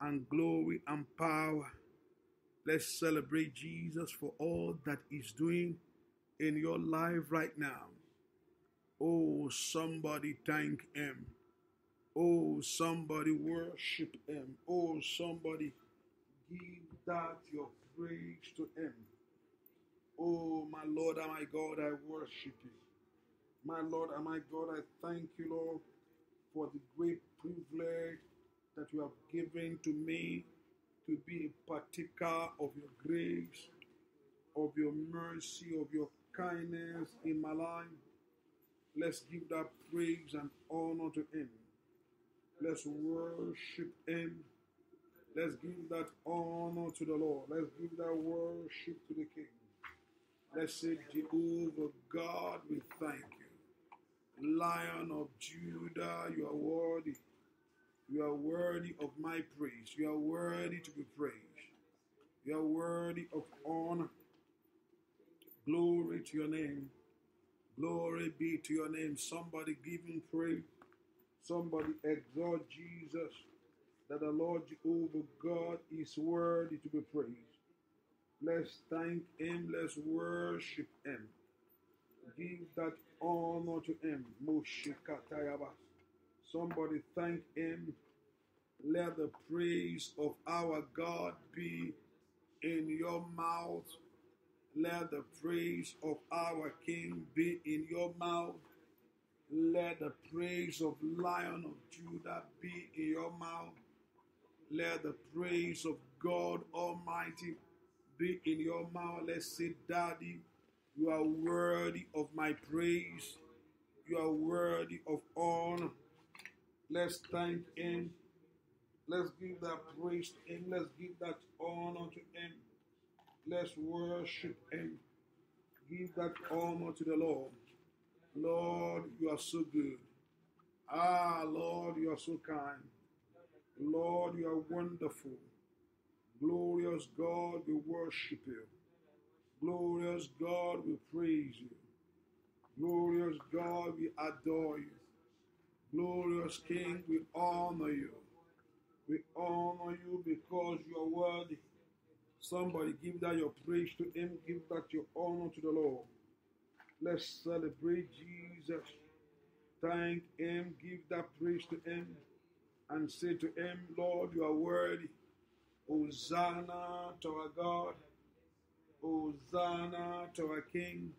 and glory and power. Let's celebrate Jesus for all that He's doing in your life right now. Oh, somebody thank Him. Oh, somebody worship Him. Oh, somebody give that your praise to Him. Oh, my Lord and my God, I worship you. My Lord and my God, I thank you, Lord, for the great privilege that you have given to me to be a partaker of your grace, of your mercy, of your kindness in my life. Let's give that praise and honor to Him. Let's worship Him. Let's give that honor to the Lord. Let's give that worship to the King. Let's say, Jehovah God, we thank you. Lion of Judah, you are worthy. You are worthy of my praise. You are worthy to be praised. You are worthy of honor. Glory to your name. Glory be to your name. Somebody give him praise. Somebody exalt Jesus that the Lord Jehovah God is worthy to be praised. Let's thank him. Let's worship him. Give that honor to him. Moshikatayabas. Somebody thank Him. Let the praise of our God be in your mouth. Let the praise of our King be in your mouth. Let the praise of Lion of Judah be in your mouth. Let the praise of God Almighty be in your mouth. Let's say, Daddy, you are worthy of my praise. You are worthy of honor. Let's thank Him. Let's give that praise to Him. Let's give that honor to Him. Let's worship Him. Give that honor to the Lord. Lord, you are so good. Ah, Lord, you are so kind. Lord, you are wonderful. Glorious God, we worship you. Glorious God, we praise you. Glorious God, we adore you. Glorious King, we honor you. We honor you because you are worthy. Somebody give that your praise to Him, give that your honor to the Lord. Let's celebrate Jesus. Thank Him, give that praise to Him, and say to Him, Lord, you are worthy. Hosanna to our God. Hosanna to our King.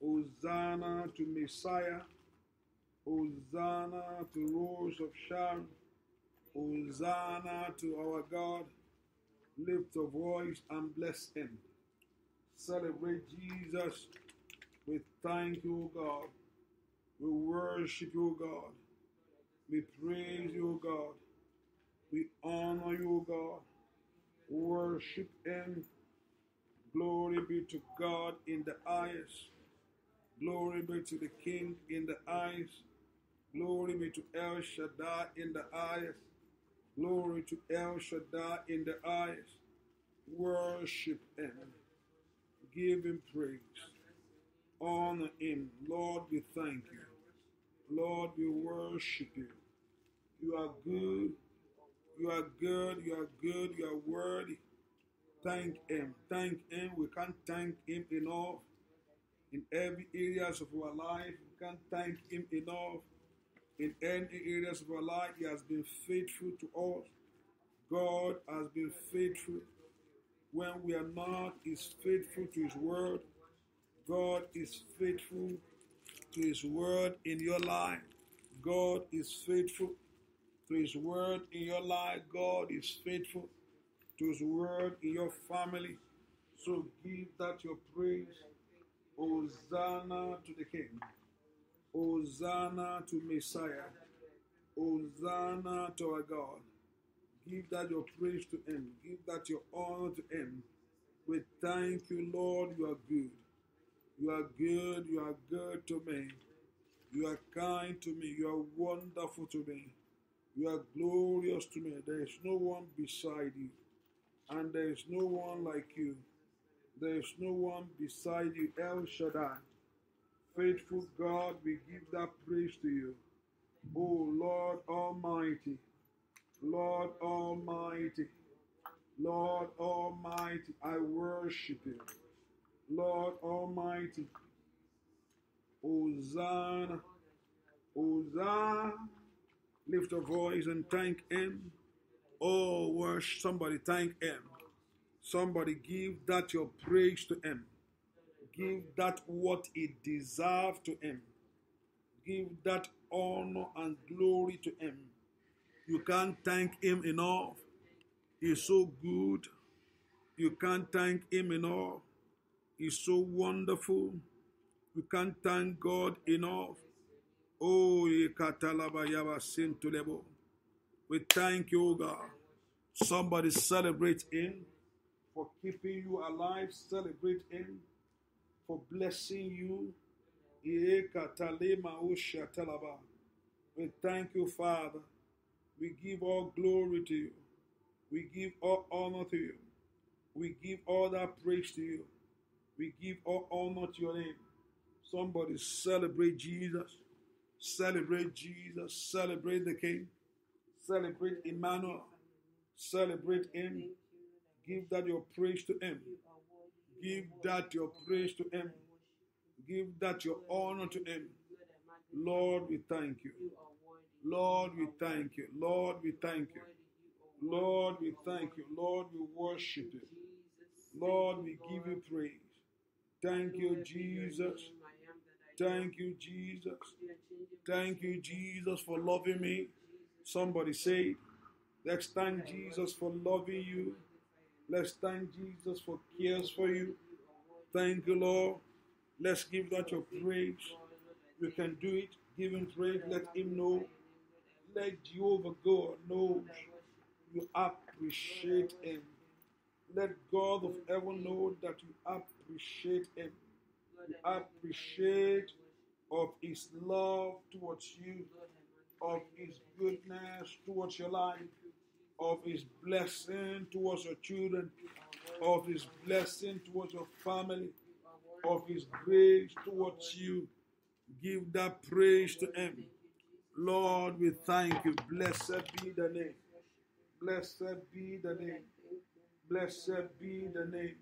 Hosanna to Messiah. Hosanna to Rose of Sharon. Hosanna to our God. Lift a voice and bless him. Celebrate Jesus with thank you, o God. We worship you, o God. We praise you, o God. We honor you, God. Worship him. Glory be to God in the highest. Glory be to the King in the highest. Glory be to El Shaddai in the highest. Glory to El Shaddai in the highest. Worship Him. Give Him praise. Honor Him. Lord, we thank you. Lord, we worship you. You are good. You are good. You are good. You are worthy. Thank Him. Thank Him. We can't thank Him enough. In every areas of our life, we can't thank Him enough in any areas of our life. He has been faithful to us. God has been faithful. When we are not, is faithful to His word. God is faithful to His word in your life. God is faithful to His word in your life. God is faithful to His word in your family. So give that your praise. Hosanna to the King. Hosanna to Messiah. Hosanna to our God. Give that your praise to Him. Give that your honor to Him. We thank you, Lord. You are good. You are good. You are good to me. You are kind to me. You are wonderful to me. You are glorious to me. There is no one beside you. And there is no one like you. There is no one beside you. El Shaddai. Faithful God, we give that praise to you. Oh Lord Almighty, Lord Almighty, Lord Almighty, I worship you. Lord Almighty, Hosanna, Hosanna, lift a voice and thank Him. Oh, worship, somebody thank Him. Somebody give that your praise to Him give that what it deserves to Him. Give that honor and glory to Him. You can't thank Him enough. He's so good. You can't thank Him enough. He's so wonderful. You can't thank God enough. Oh, we thank you, God. Somebody celebrate Him for keeping you alive. Celebrate Him for blessing you. We thank you, Father. We give all glory to you. We give all honor to you. We give all that praise to you. We give all honor to your name. Somebody celebrate Jesus. Celebrate Jesus. Celebrate the King. Celebrate Emmanuel. Celebrate Him. Give that your praise to Him. Give that your praise to Him. Give that your honor to Him. Lord, we thank you. Lord, we thank you. Lord, we thank you. Lord, we thank you. Lord, we worship you. Lord, we give you praise. Thank you, Jesus. Thank you, Jesus. Thank you, Jesus, for loving me. Somebody say, let's thank Jesus for loving you. Let's thank Jesus for cares for you. Thank you, Lord. Let's give that your praise. You can do it. Give him praise. Let him know. Let Jehovah God know you appreciate him. Let God of heaven know that you appreciate him. You appreciate of his love towards you, of his goodness towards your life of His blessing towards your children, of His blessing towards your family, of His grace towards you. Give that praise to Him. Lord, we thank you. Blessed be the name. Blessed be the name. Blessed be the name.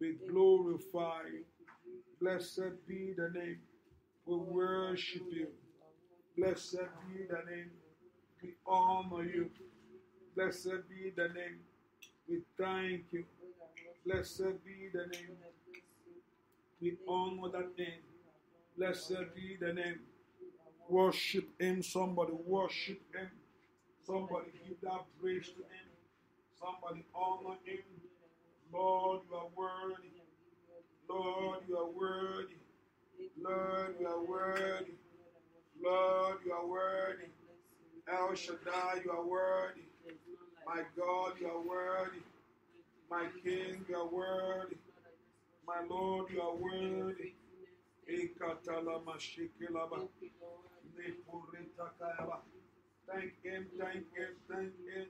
We glorify you. Blessed be the name. We worship you. Blessed be the name. We honor you. Blessed be the name. We thank you. Blessed be the name. We honor that name. Blessed be the name. Worship him, somebody. Worship him. Somebody give that praise to him. Somebody honor him. Lord, you are worthy. Lord, you are worthy. Lord, you are worthy. Lord, you are worthy. El Shaddai, you are worthy. My God, you are worthy. My King, you are worthy. My Lord, you are worthy. Thank him, thank him, thank him.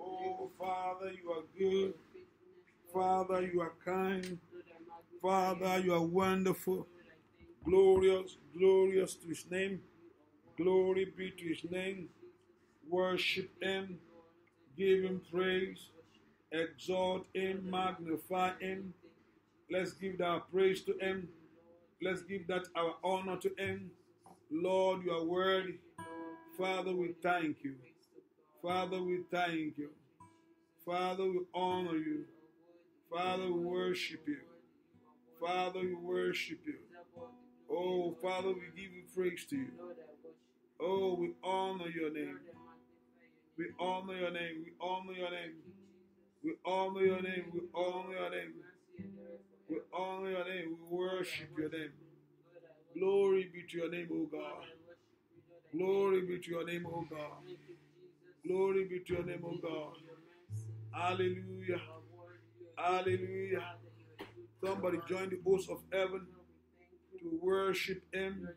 Oh, Father, you are good. Father, you are kind. Father, you are wonderful. Glorious, glorious to his name. Glory be to his name. Worship him give him praise, exalt him, magnify him. Let's give that praise to him. Let's give that our honor to him. Lord, you are worthy. Father, we thank you. Father, we thank you. Father, we honor you. Father, we worship you. Father, we worship you. Oh, Father, we give you praise to you. Oh, we honor your name. We all know your name. We all know your name. We all know your name. We all know your name. We all know your name. We worship your name. Glory be to your name, O God. Glory be to your name, O God. Glory be to your name, O God. Hallelujah. Hallelujah. Somebody join the host of heaven to worship Him.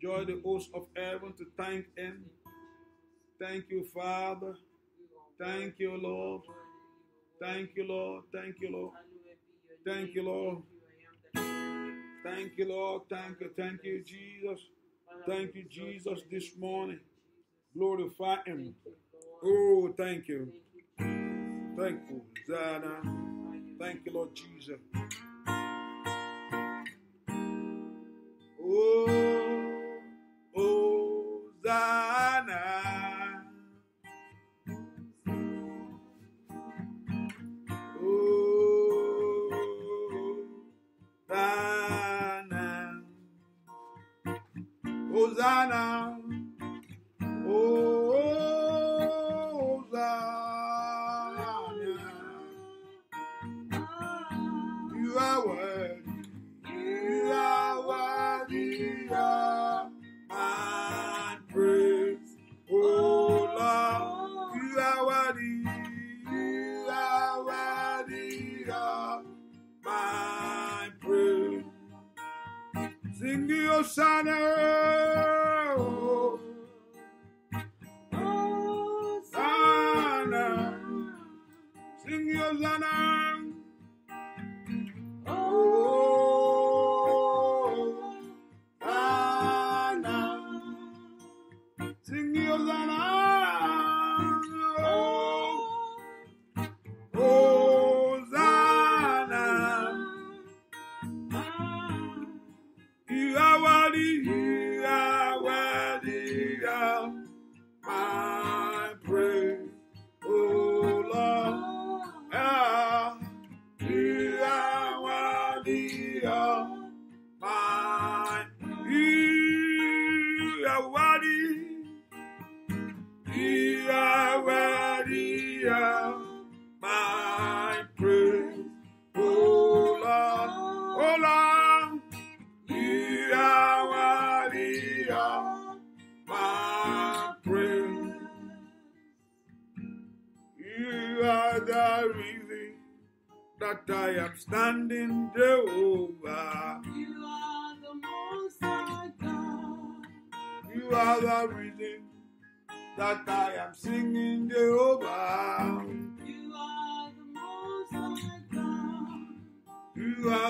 Join the host of heaven to thank Him. Thank you, Father. Thank you, Lord. Thank you, Lord. Thank you, Lord. Thank you, Lord. Thank you, Lord. Thank you. Thank you, Jesus. Thank you, Jesus, this morning. Glorify Him. Oh, thank you. Thank you, Zana. Thank you, Lord Jesus.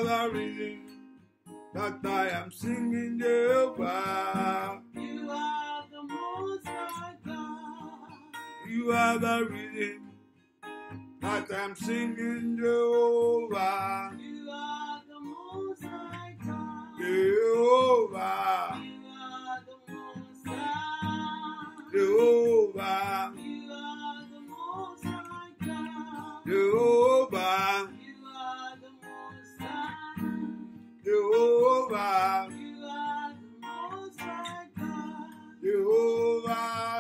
another reason that I am singing Jehovah. You are the most high God. You are the reason that I'm singing Jehovah. You are the most high God. Jehovah. You are the most high. Jehovah. Jehovah. You are the most God. Jehovah.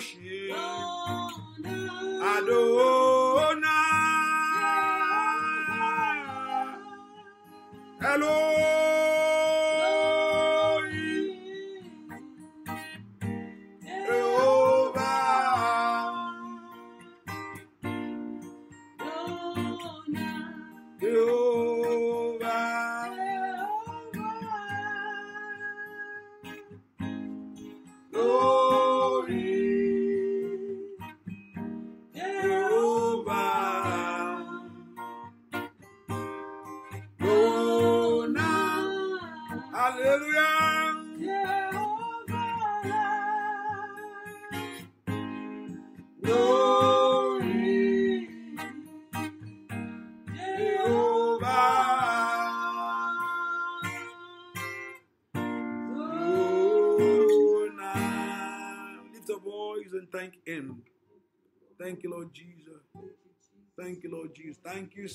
You.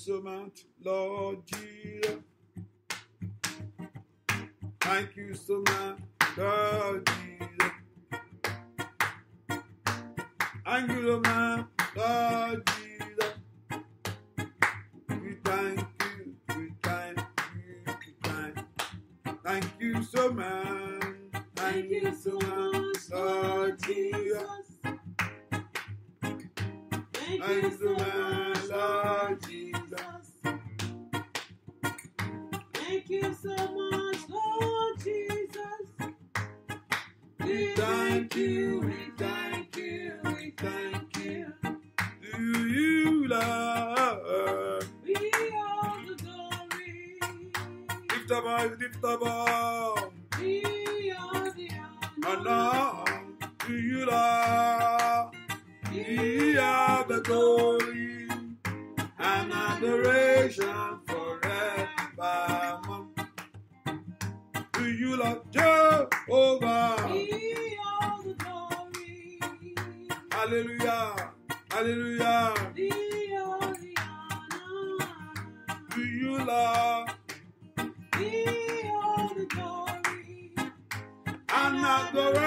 So much, Lord Jesus. Thank you so much, Lord Jesus. Thank you so much. the glory and adoration forevermore. Do you, love Jehovah, be all the glory. Hallelujah, hallelujah. Be all the honor. Do you, love be all the glory and adoration.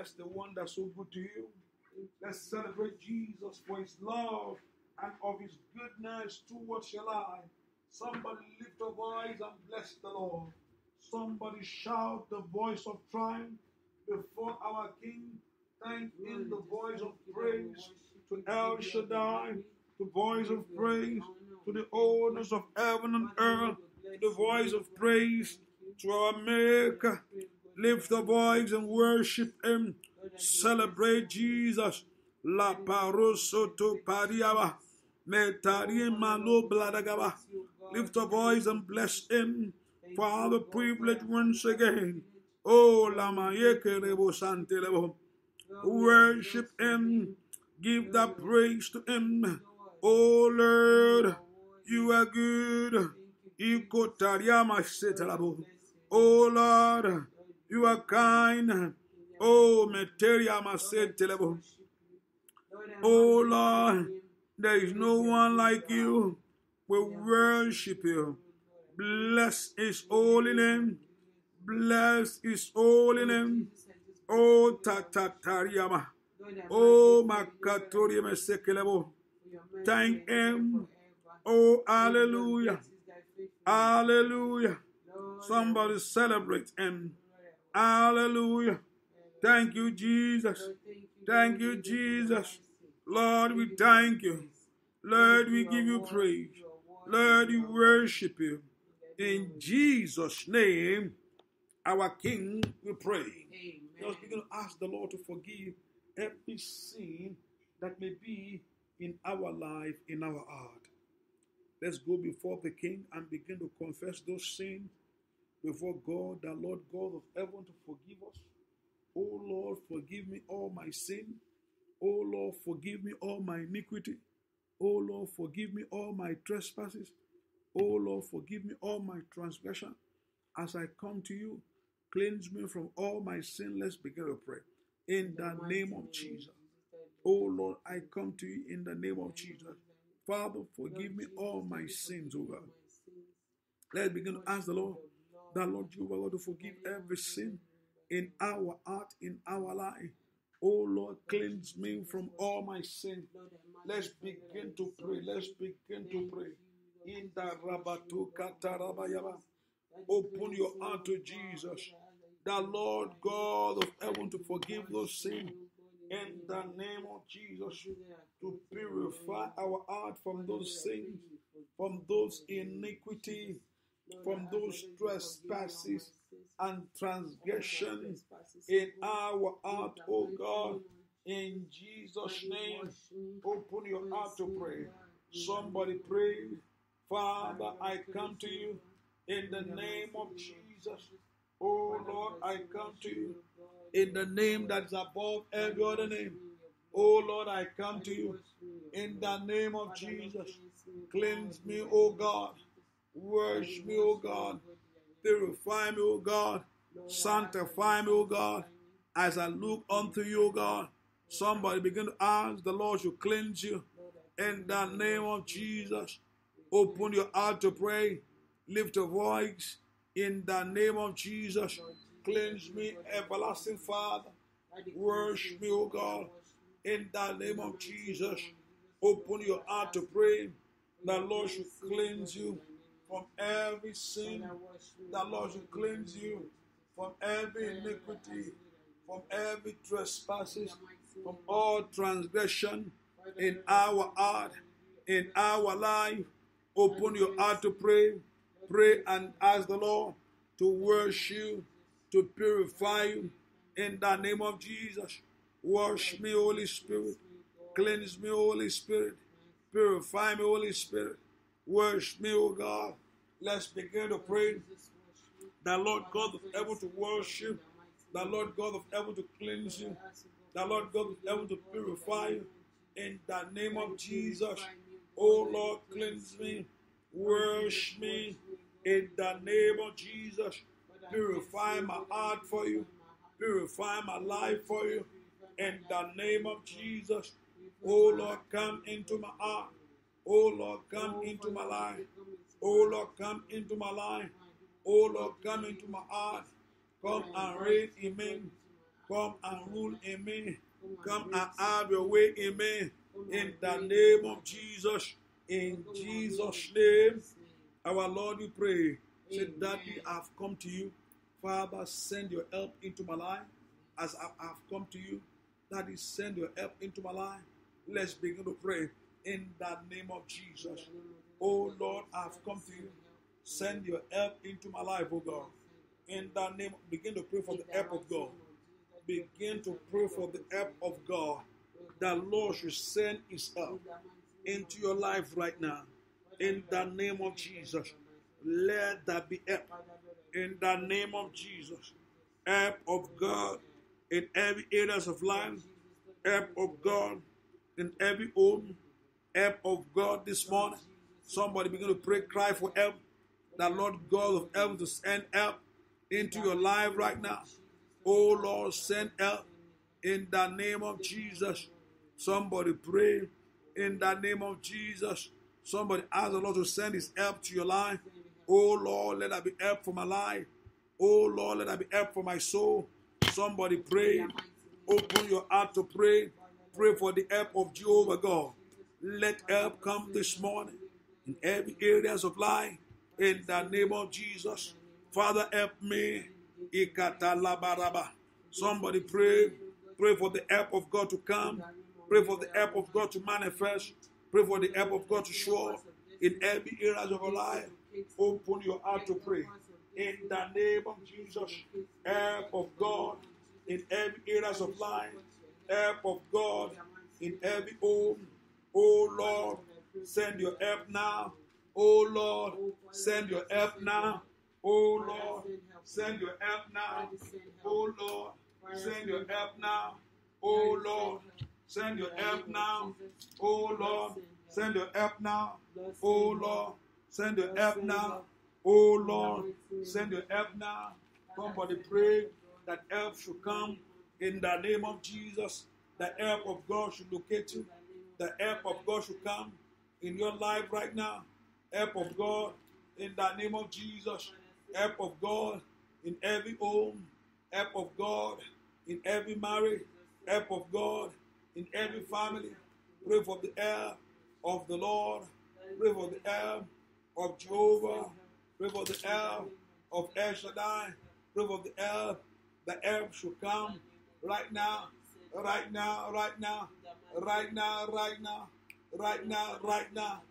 Bless the one that's so good to you. Let's celebrate Jesus for his love and of his goodness towards your life. Somebody lift your voice and bless the Lord. Somebody shout the voice of triumph before our King. Thank in the voice of praise to El Shaddai, the voice of praise to the owners of heaven and earth, the voice of praise to our Maker, Lift the voice and worship Him. Celebrate Jesus. La paroso to pariaba. bladagaba. Lift your voice and bless Him for all the privilege once again. Oh, la rebo sante lebo. Worship Him. Give the praise to Him. Oh Lord, you are good. Oh Lord, you are kind. Oh, Materia Masetelebo. Oh, Lord, there is no one like you. We worship you. Bless his holy name. Bless his holy name. Oh, Tatatariama. Oh, Makatoria Masekelebo. Thank him. Oh, hallelujah. Hallelujah. Somebody celebrate him. Hallelujah. Thank you, Jesus. Thank you, Jesus. Lord, we thank you. Lord, we give you praise. Lord, we worship you. In Jesus' name, our King, we pray. Let us begin to ask the Lord to forgive every sin that may be in our life, in our heart. Let's go before the King and begin to confess those sins before God, the Lord God of heaven, to forgive us. Oh Lord, forgive me all my sin. Oh Lord, forgive me all my iniquity. Oh Lord, forgive me all my trespasses. Oh Lord, forgive me all my transgression. As I come to you, cleanse me from all my sin. Let's begin to pray. In the name of Jesus. Oh Lord, I come to you in the name of Jesus. Father, forgive me all my sins, oh God. Let's begin to ask the Lord that Lord, you going to forgive every sin in our heart, in our life. Oh Lord, cleanse me from all my sin. Let's begin to pray. Let's begin to pray. In the Rabatu Katarabayaba. Open your heart to Jesus. The Lord God of heaven to forgive those sins. In the name of Jesus, to purify our heart from those sins, from those iniquities from those trespasses and transgressions in our heart, O God. In Jesus' name, open your heart to pray. Somebody pray, Father, I come to you in the name of Jesus. Oh Lord, I come to you in the name that's above every other name. Oh Lord, I come to you in the name of Jesus. Cleanse me, O God. Wash me, O God. Purify me, O God. Sanctify me, O God. As I look unto you, O God. Somebody begin to ask the Lord to cleanse you. In the name of Jesus. Open your heart to pray. Lift your voice. In the name of Jesus. Cleanse me, everlasting Father. Wash me, O God. In the name of Jesus. Open your heart to pray. The Lord should cleanse you from every sin. That Lord should cleanse you from every iniquity, from every trespasses, from all transgression in our heart, in our life. Open your heart to pray. Pray and ask the Lord to wash you, to purify you. In the name of Jesus, wash me, Holy Spirit. Cleanse me, Holy Spirit. Purify me, Holy Spirit. Wash me, O God. Let's begin to pray that Lord God of heaven to worship, that Lord God of heaven to cleanse you, that Lord God of heaven to purify you. In the name of Jesus, oh Lord, cleanse me, wash me. In the name of Jesus, purify my heart for you, purify my life for you. In the name of Jesus, oh Lord, come into my heart. Oh Lord, come into my life. Oh Lord, come into my life. Oh Lord, come into my heart. Come and reign in me. Come and rule in me. Come and have your way in me. In the name of Jesus. In Jesus' name. Our Lord, we pray. Say, Daddy, I've come to you. Father, send your help into my life. As I have come to you, Daddy, send your help into my life. Let's begin to pray in the name of Jesus. Oh Lord, I've come to you. Send your help into my life, oh God. In that name, begin to pray for the help of God. Begin to pray for the help of God. That Lord should send his help into your life right now. In the name of Jesus. Let that be help. In the name of Jesus. Help of God in every areas of life. Help of God in every home. Help of God this morning Somebody begin to pray, cry for help. That Lord God of heaven to send help into your life right now. Oh Lord, send help in the name of Jesus. Somebody pray in the name of Jesus. Somebody ask the Lord to send his help to your life. Oh Lord, let that be help for my life. Oh Lord, let that be help for my soul. Somebody pray. Open your heart to pray. Pray for the help of Jehovah God. Let help come this morning in every areas of life. In the name of Jesus, Father, help me. Somebody pray. Pray for the help of God to come. Pray for the help of God to manifest. Pray for the help of God to show up in every areas of our life. Open your heart to pray. In the name of Jesus, help of God in every areas of life. Help of God in every home. Oh Lord, Send your help now. Oh Lord, send your help now. Oh Lord, send your help now. Oh Lord, send your help now. Oh Lord, send your help now. Oh Lord, send your help now. Oh Lord, send your help now. Oh Lord, send your help now. Somebody pray that help should come in the name of Jesus. The help of God should locate you. The help of God should come in your life right now. Help of God in the name of Jesus. Help of God in every home. Help of God in every marriage. Help of God in every family. Pray for the help of the Lord. Pray for the help of Jehovah. Pray for the help of El Shaddai. Pray for the help. The help should come right now, right now, right now, right now, right now. Right now right now, right now,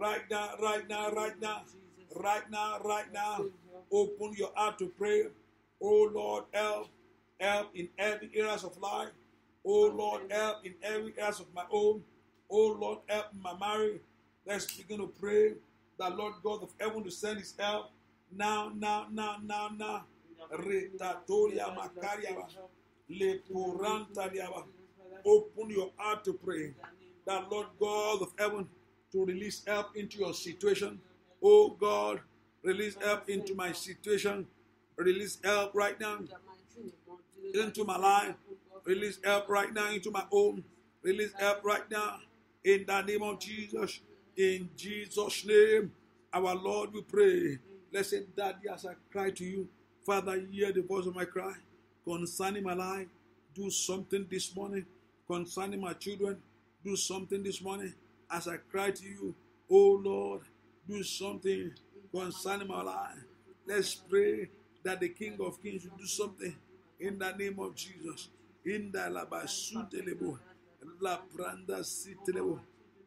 right now, right now, right now, right now, right now. Open your heart to pray. Oh Lord, help, help in every areas of life. Oh Lord, help in every areas of my own. Oh Lord, help my marriage. Let's begin to pray that Lord God of heaven to send his help. Now, now, now, now, now. Retatoria Makariaba. Leporantariaba. Open your heart to pray that Lord God of heaven to release help into your situation. Oh God, release help into my situation. Release help right now into my life. Release help right now into my home. Release help right now in the name of Jesus. In Jesus' name, our Lord, we pray. Blessed Daddy, as I cry to you, Father, hear the voice of my cry concerning my life. Do something this morning concerning my children do something this morning as I cry to you, oh Lord, do something concerning my life. Let's pray that the King of Kings will do something in the name of Jesus. In the Labasutelebo, La Pranda Sitelebo.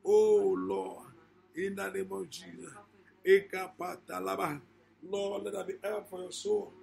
Oh Lord, in the name of Jesus. Ekapatalaba. Lord, let there be help for your soul.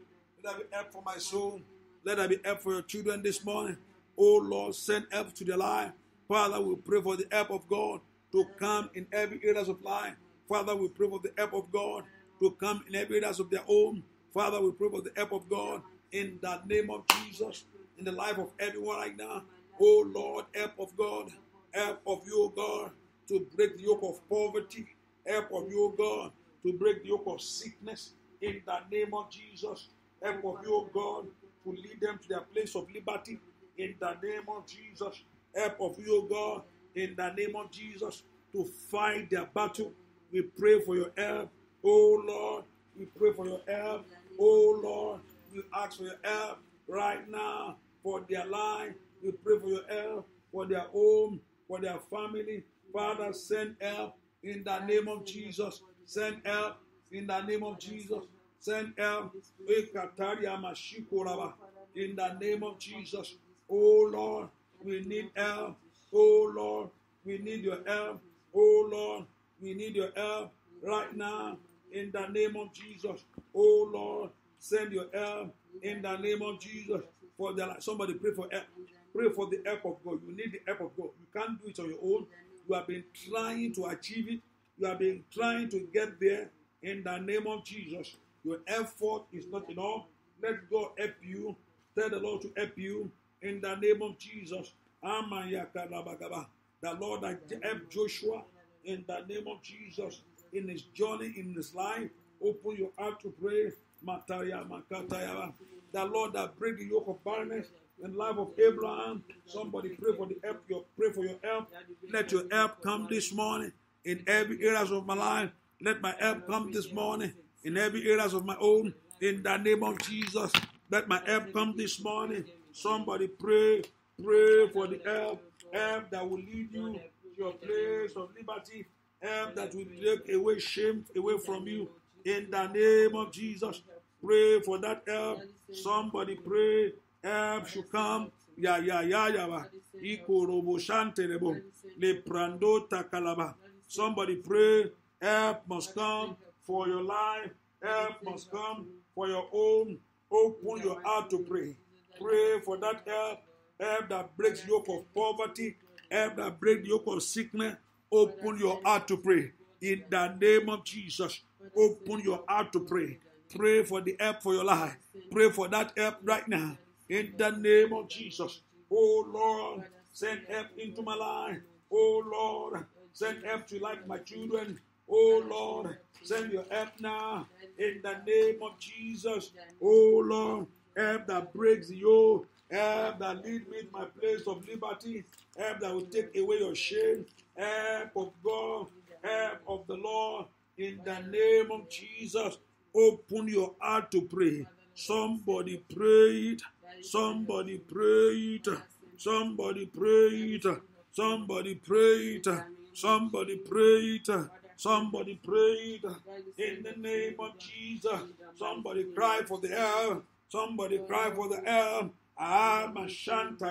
Let there be help for my soul. Let there be help for your children this morning. Oh Lord, send help to their life. Father, we pray for the help of God to come in every area of life. Father, we pray for the help of God to come in every area of their own. Father, we pray for the help of God in the name of Jesus, in the life of everyone right now. Oh Lord, help of God, help of you, God, to break the yoke of poverty, help of you, God, to break the yoke of sickness in the name of Jesus. Help of you, God, to lead them to their place of liberty in the name of Jesus help of you, God, in the name of Jesus, to fight their battle. We pray for your help, O Lord. We pray for your help, O Lord. We ask for your help right now for their life. We pray for your help for their home, for their family. Father, send help in the name of Jesus. Send help in the name of Jesus. Send help. In the name of Jesus. Oh Lord, we need help. Oh Lord, we need your help. Oh Lord, we need your help right now in the name of Jesus. Oh Lord, send your help in the name of Jesus. For the somebody pray for help. Pray for the help of God. You need the help of God. You can't do it on your own. You have been trying to achieve it. You have been trying to get there in the name of Jesus. Your effort is not enough. Let God help you. Tell the Lord to help you in the name of Jesus. The Lord I help Joshua in the name of Jesus in his journey in his life. Open your heart to pray. The Lord that break the yoke of barrenness in the life of Abraham. Somebody pray for the help. Your pray for your help. Let your help come this morning in every areas of my life. Let my help come this morning in every areas of my own. In the name of Jesus, let my help come this morning Somebody pray, pray for the help, help that will lead you to your place of liberty, help that will take away shame away from you. In the name of Jesus, pray for that help. Somebody pray, help should come. Ya ya ya ya ba. Le prando takalaba. Somebody pray, help must come for your life. Help must come for your own. Open your heart to pray pray for that help, help that breaks yoke of poverty, help that breaks yoke of sickness. Open your heart to pray. In the name of Jesus, open your heart to pray. Pray for the help for your life. Pray for that help right now. In the name of Jesus. Oh Lord, send help into my life. Oh Lord, send help to life my children. Oh Lord, send your help now. In the name of Jesus. Oh Lord, help that breaks you, help that lead me to my place of liberty, help that will take away your shame, help of God, help of the Lord, in the name of Jesus. Open your heart to pray. Somebody pray it. Somebody pray it. Somebody pray it. Somebody pray it. Somebody pray it. Somebody prayed. it. In the name of Jesus. Somebody cried for the help. Somebody cry for the help. Ah, mashanta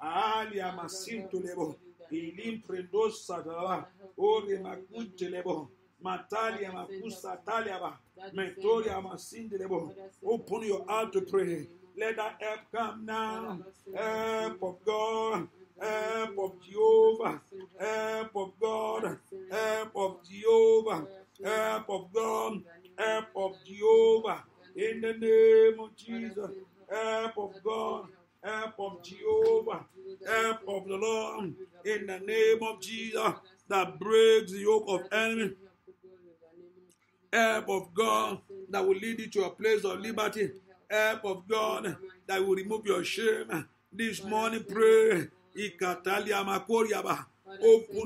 Ali amasintu lebo. Ilim prendosa talaba. Ore makunte lebo. Matali amakusa taliaba. Metori amasindi lebo. Open your heart to pray. Let that help come now. Help of God. Help of Jehovah. Help of God. Help of Jehovah. Help of God. Help of Jehovah. In the name of Jesus, help of God, help of Jehovah, help of the Lord. In the name of Jesus, that breaks the yoke of enemy. Help of God that will lead you to a place of liberty. Help of God that will remove your shame. This morning, pray. Open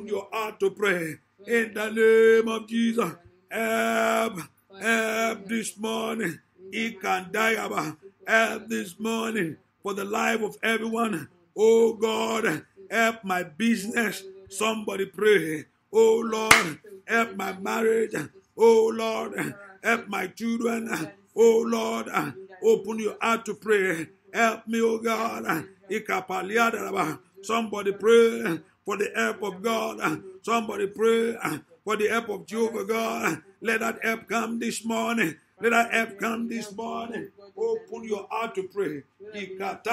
your heart to pray. In the name of Jesus, help, help this morning. Ikandayaba. Help this morning for the life of everyone. Oh God, help my business. Somebody pray. Oh Lord, help my marriage. Oh Lord, help my children. Oh Lord, open your heart to pray. Help me, oh God. Somebody pray for the help of God. Somebody pray for the help of Jehovah God. Let that help come this morning. That I have come this morning. Open your heart to pray. Help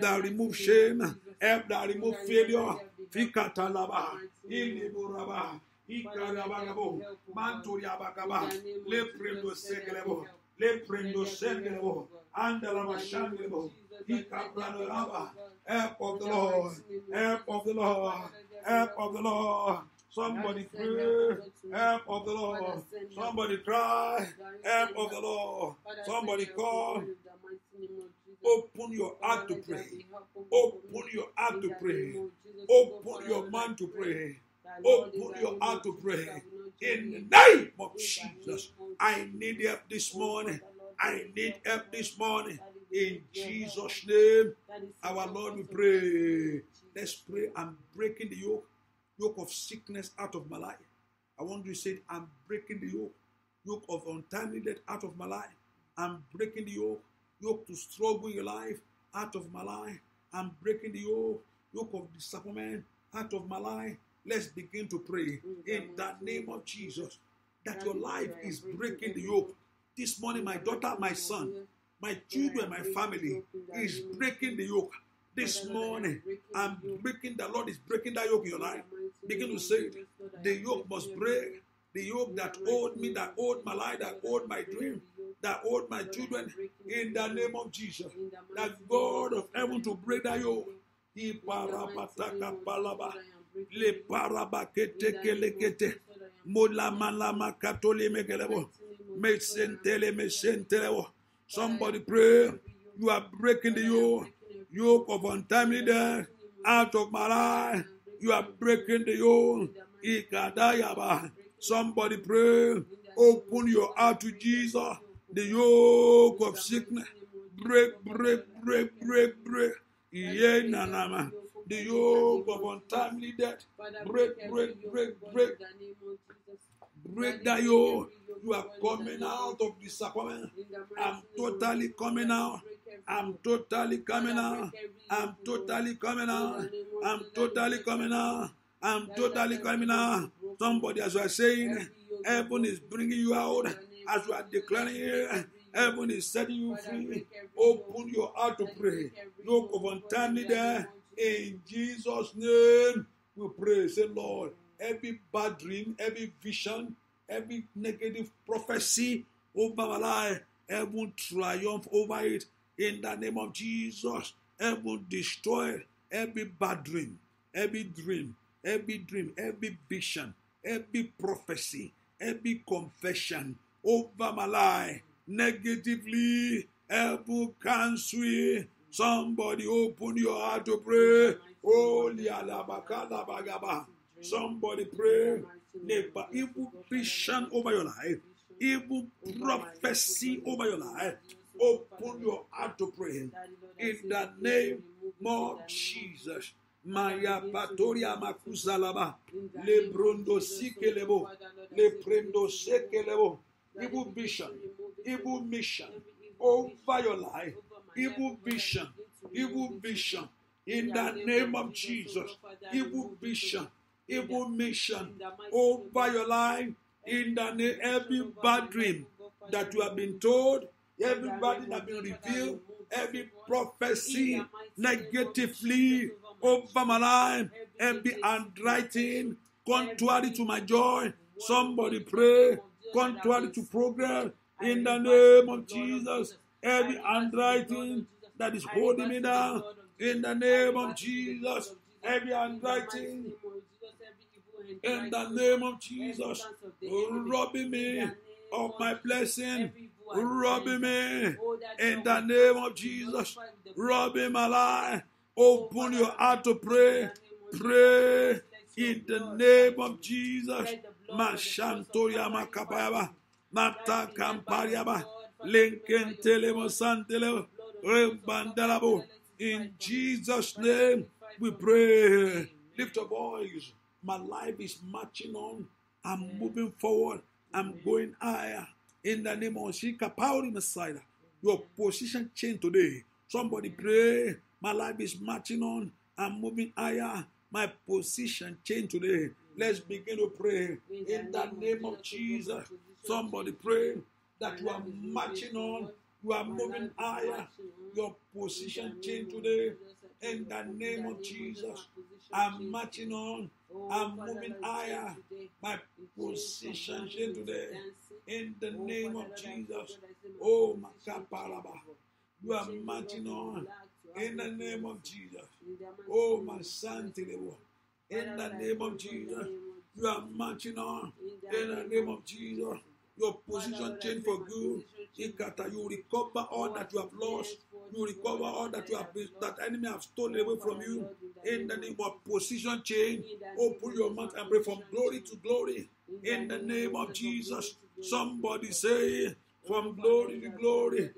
thou remove shame. Help thou remove failure. Fikatalaba. Iliburaba. Ikarabagabo. Manturiabagaba. Leprendo sekelebo. Leprendo sekelebo. Andalama shangelebo. Ikabranalaba. Help of the Lord. Help of the Lord. Help of the Lord. Somebody pray, help of the Lord. Somebody cry, help of the Lord. Somebody call. Open your heart to pray. Open your heart to pray. Open your mind to pray. Open your heart to pray. In the name of Jesus, I need help this morning. I need help this morning. In Jesus' name, our Lord, we pray. Let's pray. I'm breaking the yoke yoke of sickness out of my life. I want you to say, I'm breaking the yoke. Yoke of untimely death out of my life. I'm breaking the yoke. Yoke to struggle in your life out of my life. I'm breaking the yoke. Yoke of disappointment out of my life. Let's begin to pray in the name of Jesus that your life is breaking the yoke. This morning, my daughter, my son, my children, my family is breaking the yoke this morning, I'm breaking, the Lord is breaking that yoke in your life. Begin to say, the yoke must break. The yoke that owed me, that owed my life, that owed my dream, that owed my children, in the name of Jesus. That God of heaven to break that yoke. Le Mola malama Somebody pray. You are breaking the yoke yoke of untimely death out of my life. You are breaking the yoke. Somebody pray. Open your heart to Jesus. The yoke of sickness. Break, break, break, break, break. Yeah, na, na, The yoke of untimely death. Break, break, break, break. break break that yoke. You are coming out of disappointment. I'm totally coming out. I'm totally coming out. I'm totally coming out. I'm totally coming out. I'm totally coming out. Somebody, as you are saying, heaven is bringing you out. As you are declaring heaven is setting you free. Open your heart to pray. No covenant there. In Jesus' name, we pray. Say, Lord, every bad dream, every vision, every negative prophecy over my life, heaven triumph over it in the name of Jesus. Heaven destroy every bad dream, every dream, every dream, every vision, every prophecy, every confession over my life negatively. Heaven cancel. Somebody open your heart to pray. Holy alabaka labagaba. Somebody pray. Neighbor, evil vision over your life, evil prophecy over your life. Open your heart to pray in the name of Jesus. Maya patoria makuzalaba le brondo sikelebo le prendo sekelebo evil vision evil mission over your life evil vision evil vision in the name of Jesus evil vision evil mission over your life in the name every bad dream oh that you have been told, everybody that has been revealed, every oh prophecy negatively over my life, every handwriting contrary to my joy. Somebody pray contrary to progress in the name of Jesus. Every handwriting that is holding me down in the name of Jesus. Every handwriting in the name of Jesus, robbing me of my blessing, robbing me oh, oh, in the name of Jesus, robbing my life. Open your heart to pray. Pray in the name of Jesus. Mashantoria makabayaba, mata ba, linken telemo santele, rebandalabo. In Jesus' name, we pray. Lift your voice. My life is marching on. I'm moving forward. I'm going higher. In the name of Shika Power Messiah. Your position changed today. Somebody pray. My life is marching on. I'm moving higher. My position changed today. Let's begin to pray. In the name of Jesus. Somebody pray that you are marching on. You are moving higher. Your position changed today. in the name of Jesus. I'm marching on. I'm moving higher. My position today in the name of Jesus. Oh, Makaparaba. You are marching on in the name of Jesus. Oh, my son, in the name of Jesus. You are marching on in the name of Jesus. Your position changed for good. You recover all that you have lost you recover all that you have been, that enemy have stolen away from you. In the name of position change, open your mouth and pray from glory to glory. In the name of Jesus, somebody say, from glory to glory,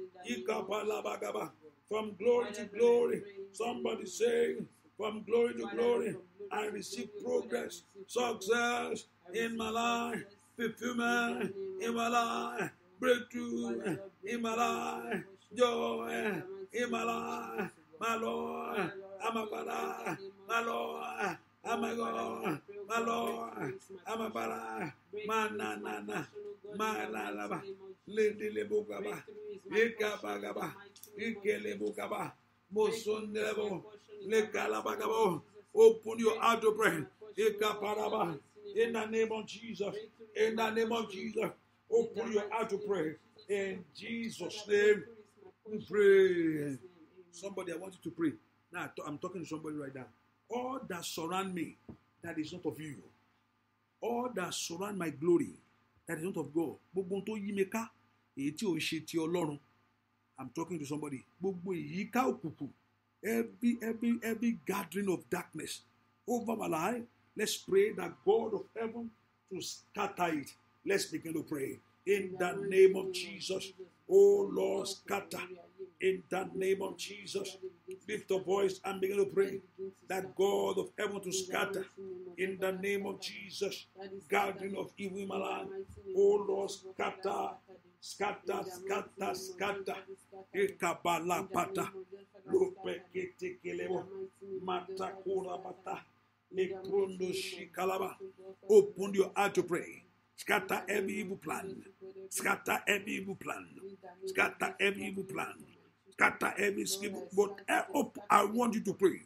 from glory to glory. Somebody say, from glory to glory, I receive progress, success in my life, fulfillment in my life, breakthrough in my life, joy in my life, my Lord, I'm a father, my Lord. I'm a God, my Lord, I'm a father, my na na na, my la ba, lady le buka ba, ika ba ga ba, ike le buka ba, moson le Open your heart to pray. Ika ba da in the name of Jesus, in the name of Jesus, open your heart to pray. In Jesus' name. Pray. Somebody, I want you to pray. Now, I'm talking to somebody right now. All that surround me, that is not of you. All that surround my glory, that is not of God. Gbogbo tó yí mi ká, èyí tí ò ń ṣe ti Ọlọ́run. I'm talking to somebody. Gbogbo ìyíká òkùnkùn, every every every gathering of darkness over my life, let's pray that God of heaven to scatter it. Let's begin to pray. in the name of Jesus. Oh Lord, scatter in the name of Jesus. Lift your voice and begin to pray that God of heaven to scatter in the name of Jesus. Guardian of evil O Oh Lord, scatter, scatter, scatter, scatter. Ekabala Matakura pata. Leprondo Open your heart to pray. Scatter every evil plan. Scatter every evil plan. Scatter every evil plan. Scatter every scheme. But I want you to pray.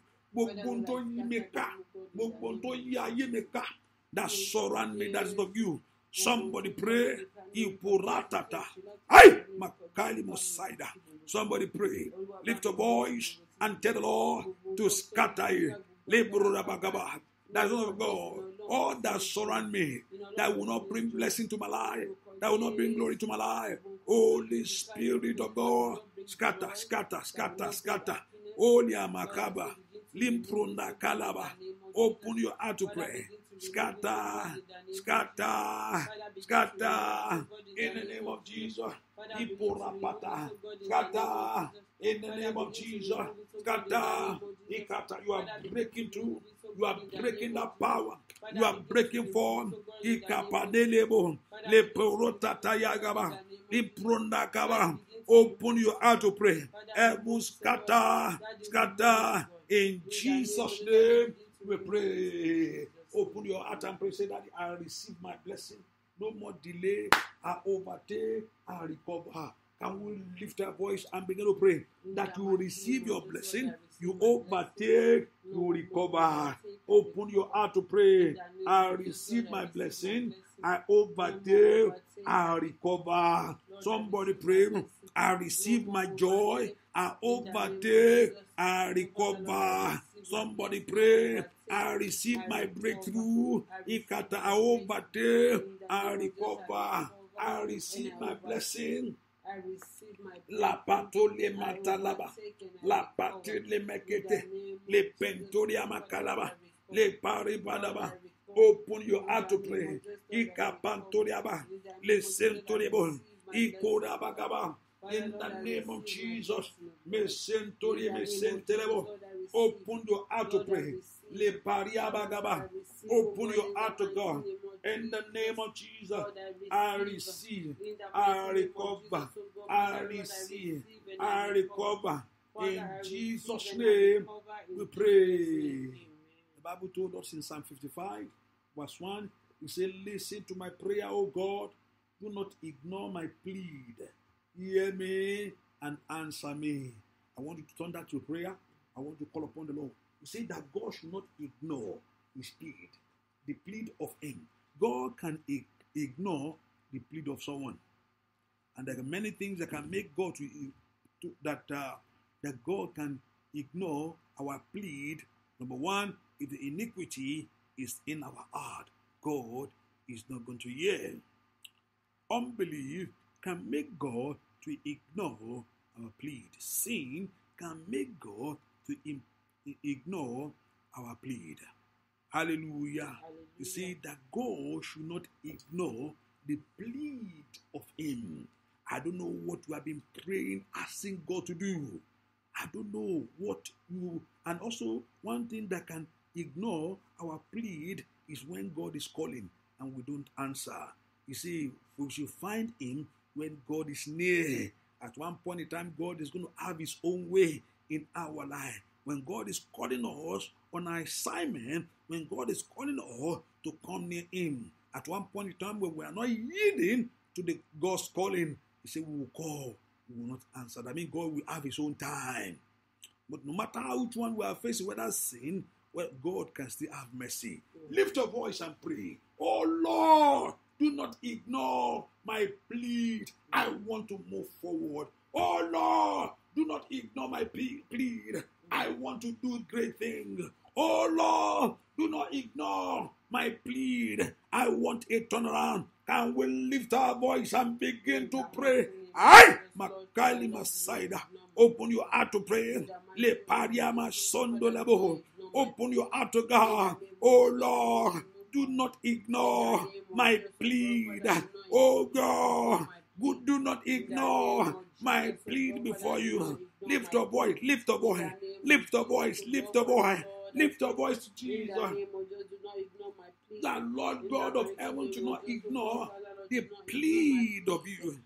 That surround me, that is not you. Somebody pray. Ipuratata. Ay! Makali Mosaida. Somebody pray. Lift your voice and tell the Lord to scatter you. Lebro Rabagaba. That's not of God. All that surround me, that will not bring blessing to my life, that will not bring glory to my life. Holy Spirit of God, scatter, scatter, scatter, scatter. Holy Amakaba, Limprunda Kalaba, open your heart to pray. Scatter, scatter, scatter in the name of Jesus. Iporapata, scatter in the name of Jesus. Scatter, you are breaking through. You are breaking that power. You are breaking forth. Ikapanelebo. Leporota tayagaba. Impronda Open your heart to pray. Ebu In Jesus' name, we pray. Open your heart and pray. Say that I receive my blessing. No more delay. I overtake. I recover. And we lift our voice and begin to pray that you will receive your blessing? You overtake, you recover. Open your heart to pray. I receive my blessing. I overtake, I recover. Somebody pray. I receive my joy. I overtake, I recover. Somebody pray. I receive my breakthrough. I overtake, I recover. I receive my blessing. La patole matalaba, la patole mekete, le pentoria makalaba, le paribadaba. Open your heart to pray. Ika pantoriaba, le sentoribo, ikorabagaba. In the name of Jesus, me sentori me sentelebo. Open your heart to pray. Open oh, oh your heart oh to God. In the name of Jesus, I receive, I recover, I receive, I recover. In Jesus' name, we pray. The Bible told us in Psalm 55, verse 1, we say, Listen to my prayer, O God. Do not ignore my plead. Hear me and answer me. I want you to turn that to prayer. I want to call upon the Lord. You say that God should not ignore his plead, the plead of him. God can ignore the plead of someone. And there are many things that can make God to, to that uh, that God can ignore our plead. Number one, if the iniquity is in our heart, God is not going to hear. Unbelief can make God to ignore our plead. Sin can make God to ignore our plead. Hallelujah. Hallelujah. You see, that God should not ignore the plead of Him. I don't know what you have been praying, asking God to do. I don't know what you, and also one thing that can ignore our plead is when God is calling and we don't answer. You see, we should find Him when God is near. At one point in time, God is going to have His own way in our life. When God is calling us on our assignment, when God is calling us to come near Him. At one point in time, when we are not yielding to the God's calling, He said, We will call, we will not answer. That means God will have His own time. But no matter which one we are facing, whether sin, well, God can still have mercy. Lift your voice and pray. Oh Lord, do not ignore my plead. I want to move forward Oh Lord, do not ignore my plead. I want to do great things. Oh Lord, do not ignore my plead. I want a turnaround. And we lift our voice and begin to pray. I, Makali Masaida, open your heart to pray. Le Pariama Sondo Labo, open your heart to God. Oh Lord, do not ignore my plead. Oh God, Good, do not ignore my plead before you. Lift your voice, lift your voice, lift your voice, lift your voice. Lift your voice to Jesus. The Lord God of heaven do not ignore the plead of you.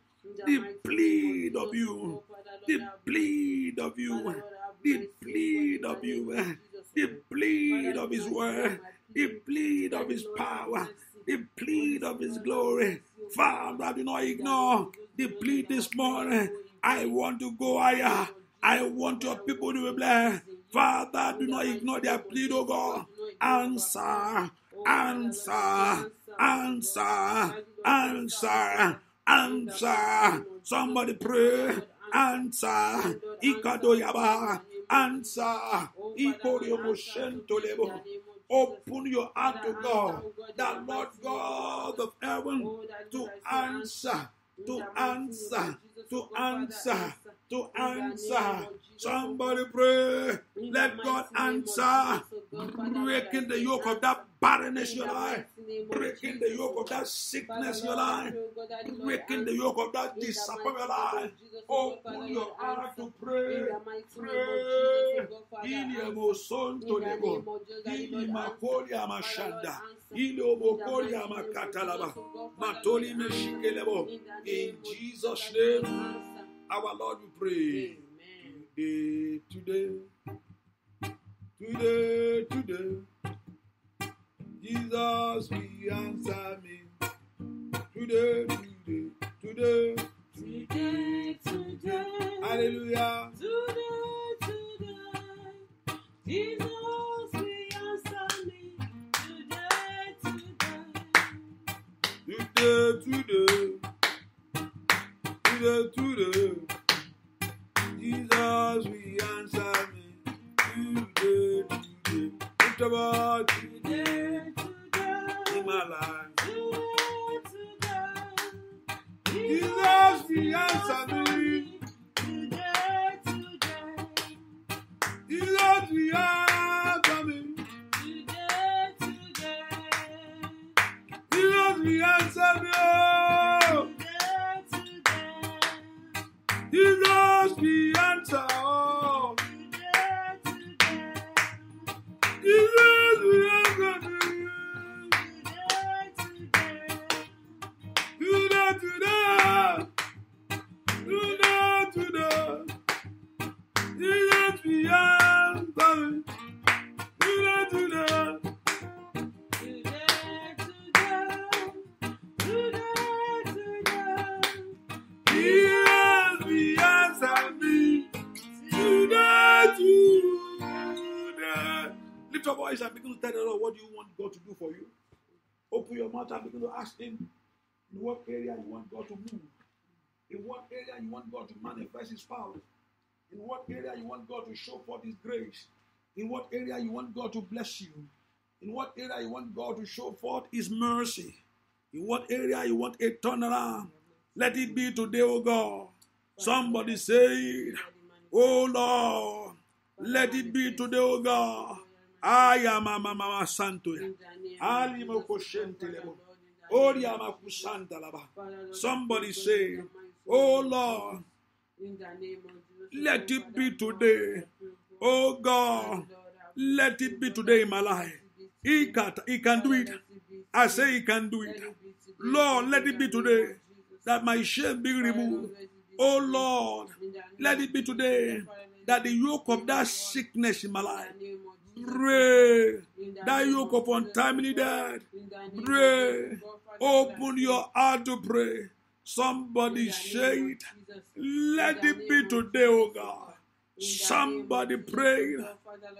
The plead of you. The plead of you. The plead of you. The plead of his word. The plead of his power the plead of His glory. Father, do not ignore the plea this morning. I want to go higher. I want your people to be blessed. Father, do not ignore their plead. oh God. Answer, answer, answer, answer, answer. Somebody pray. Answer. Ikado yaba. Answer. Ikoro yomoshento lebo. Open your heart to God, the Lord God of heaven, oh, to answer, to answer, to oh answer. To answer. Oh Somebody pray. Let God answer. Oh Breaking the yoke of that barrenness your life. Breaking the yoke of that sickness your life. Breaking the yoke of that disappointment your life. Open your heart to pray. Pray. Iliamo son to nebo. Ilimacoli In your amakatalaba. Matoli meshikelebo. In Jesus' name. Our Lord, we pray. Amen. Today, today, today, today. Jesus, we answer me. Today, today, today. Today, today. Hallelujah. out and begin to ask Him in what area you want God to move, in what area you want God to manifest His power, in what area you want God to show forth His grace, in what area you want God to bless you, in what area you want God to show forth His mercy, in what area you want a turnaround. Let it be today, O oh God. Somebody say, Oh Lord, let it be today, O oh God aya mama mama santo ya alimo koshente lebo oria a laba somebody say oh lord let it be today oh god let it be today in my life he can, he can do it i say he can do it lord let it be today that my shame be removed oh lord let it be today that the yoke of that sickness in my life Pray that yoke of untimely death. Pray. Open your heart to pray. Somebody say it. Let it be today, O oh God. Somebody pray.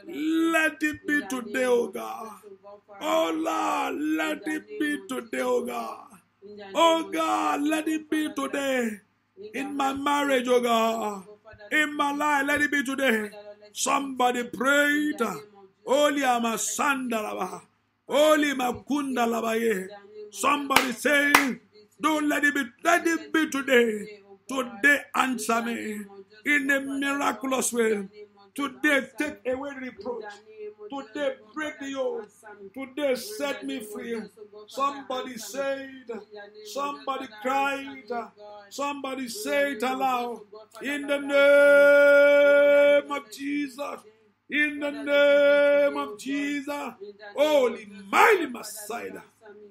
Let it be today, O oh God. Oh Lord, let it be today, O oh God. Oh God, let it be today. In my marriage, O God. In my life, let it be today. Somebody prayed. Holy amasanda laba. holy makunda labaye. Somebody say, don't let it be, let it be today. Today answer me in a miraculous way. Today take away reproach. Today break the yoke. Today set me free. Somebody said, somebody cried, somebody said aloud. In the name of Jesus. In the name of Jesus. Holy, mighty Messiah.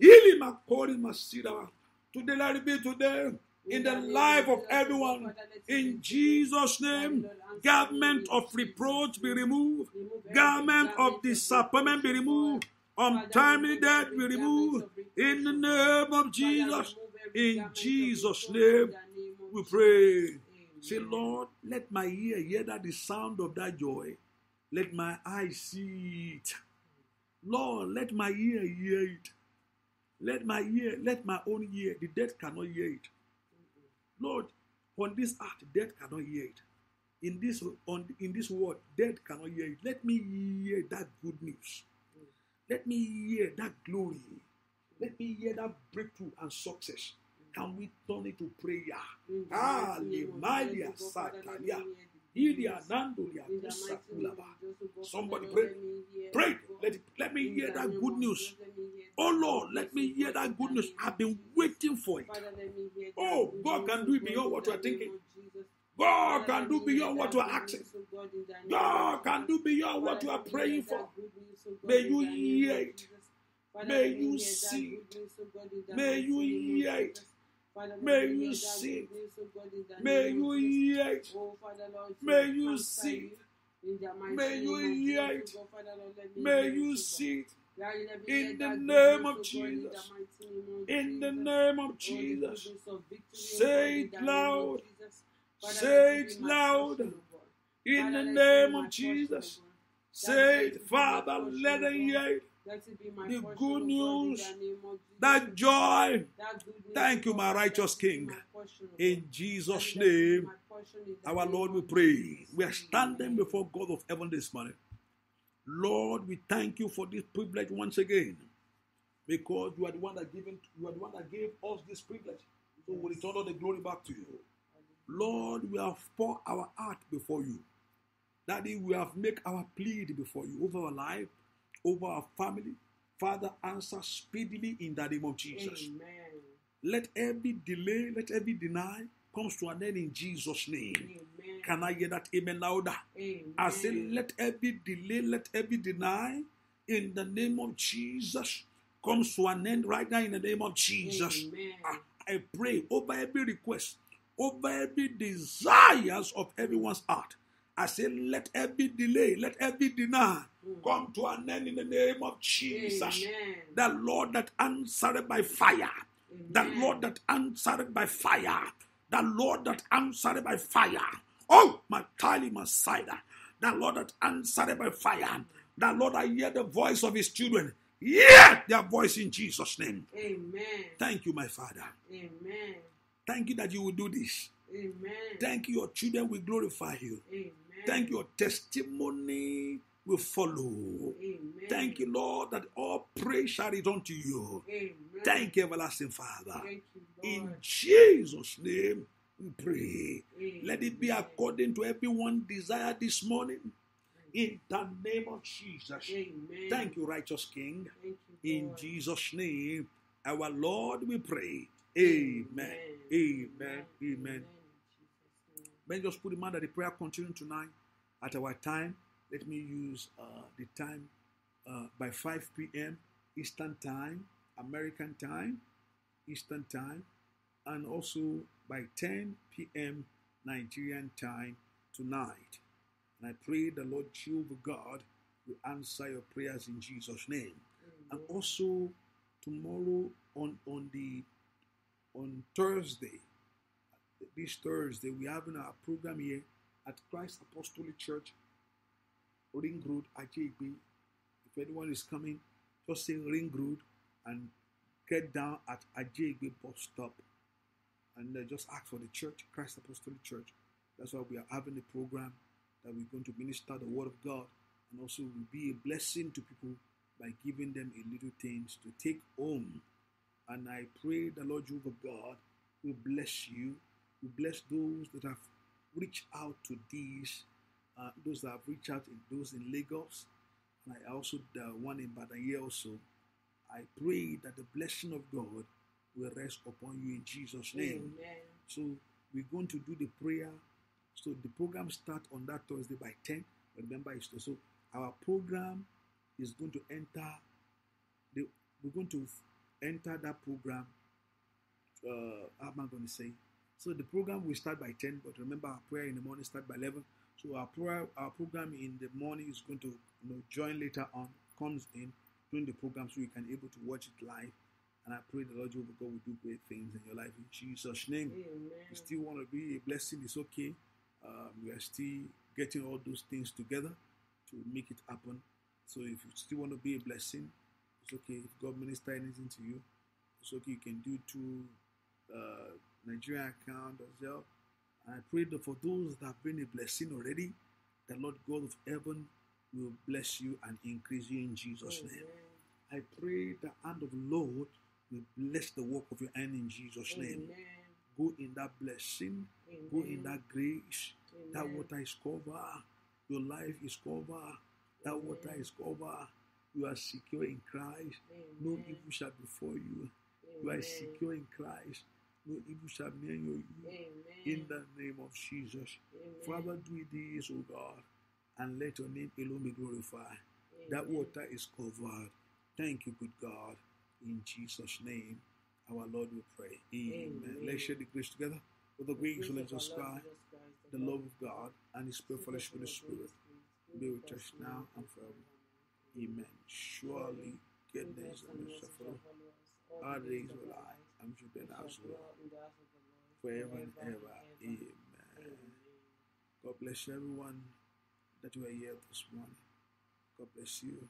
Ili makori masira. Today, let it be today. In the life of everyone, in Jesus' name, garment of reproach be removed, garment of disappointment be removed, untimely death be removed. In the name of Jesus, in Jesus' name, we pray. Say, Lord, let my ear hear that the sound of that joy. Let my eyes see it. Lord, let my ear hear it. Let my ear, let my own ear, the dead cannot hear it. Lord, on this earth, death cannot hear it. In this on in this world, death cannot hear it. Let me hear that good news. Let me hear that glory. Let me hear that breakthrough and success. Can we turn it to prayer? Mm, Hallelujah, Satalia. Somebody pray. Pray. Let, let me hear that oh, good news. Oh Lord, let me hear that good news. I've been waiting for it. Oh, God can do it beyond what you are thinking. God can do beyond what you are asking. God can do beyond what you are praying for. May you hear it. May you see it. May you hear it. May you see. Oh, May you yet. May you see. Oh, May you yet. May you see. In the name of Jesus. In the name of Jesus. Say it loud. Say it loud. In the name of Jesus. Say it, Father, let it yet. Let it be my the portion, good news, God, that joy. That Thank you, my righteous King. in Jesus' name, our Lord, we pray. We are standing before God of heaven this morning. Lord, we thank you for this privilege once again. Because you are the one that given you are the one that gave us this privilege. So we return all the glory back to you. Lord, we have poured our heart before you. Daddy, we have made our plead before you over our life over our family. Father, answer speedily in the name of Jesus. Amen. Let every delay, let every deny comes to an end in Jesus' name. Amen. Can I hear that amen louder? Amen. I say, let every delay, let every deny in the name of Jesus comes to an end right now in the name of Jesus. I, ah, I pray over every request, over every desires of everyone's heart I say, let every delay, let every denial, mm. come to an end in the name of Jesus. Amen. The Lord that answered by fire. Amen. The Lord that answered by fire. The Lord that answered by fire. Oh, my tiny Messiah. The Lord that answered by fire. The Lord, I hear the voice of his children. Hear their voice in Jesus' name. Amen. Thank you, my Father. Amen. Thank you that you will do this. Amen. Thank you, your children will glorify you. Amen. Thank your testimony will follow. Amen. Thank you, Lord, that all praise shall return to you. Amen. Thank you, everlasting Father. You, In Jesus' name, we pray. Amen. Let it be according to everyone's desire this morning. In the name of Jesus. Thank you, righteous King. You, In Jesus' name, our Lord, we pray. Amen. Amen. Amen. Let just put in mind that the prayer continuing tonight at our time. Let me use uh, the time uh, by 5 p.m. Eastern Time, American Time, Eastern Time, and also by 10 p.m. Nigerian Time tonight. And I pray the Lord Jehovah God will answer your prayers in Jesus' name. Amen. And also tomorrow on on the on Thursday this Thursday, we are having our program here at Christ Apostolic Church, Ring Road, Ajaybe. If anyone is coming, just say Ring Road and get down at Ajaybe bus stop and uh, just ask for the church, Christ Apostolic Church. That's why we are having a program that we're going to minister the Word of God and also will be a blessing to people by giving them a little things to take home. And I pray the Lord Jehovah God will bless you we bless those that have reached out to these, uh, those that have reached out, in, those in Lagos, and I also the one in Badanye also. I pray that the blessing of God will rest upon you in Jesus' name. Amen. So we're going to do the prayer. So the program starts on that Thursday by 10. Remember, it's so our program is going to enter the, we're going to enter that program. Uh, how am I going to say? So the program will start by 10, but remember our prayer in the morning start by 11. So our prayer, our program in the morning is going to you know, join later on, comes in during the program so you can able to watch it live. And I pray the Lord Jehovah God will do great things in your life in Jesus' name. Amen. You still want to be a blessing, it's okay. Um, we are still getting all those things together to make it happen. So if you still want to be a blessing, it's okay. If God minister anything to you, it's okay. You can do through uh, Nigeria account as well. I pray that for those that have been a blessing already, the Lord God of heaven will bless you and increase you in Jesus' Amen. name. I pray the hand of the Lord will bless the work of your hand in Jesus' Amen. name. Go in that blessing, Amen. go in that grace. That water is covered, your life is covered, that water is covered. You are secure in Christ. No evil shall befall you. You are secure in Christ no evil shall near you in the name of Jesus. Amen. Father, do this, O God, and let your name alone be glorified. Amen. That water is covered. Thank you, good God. In Jesus' name, our Lord, we pray. Amen. Amen. Let's share the grace together. With the grace of Jesus Christ, the love of God, and His spirit fellowship with the Spirit, be with us now and forever. Amen. Surely, goodness and mercy follow our days will lie I'm sure that I should forever and ever. Amen. God bless everyone that were here this morning. God bless you.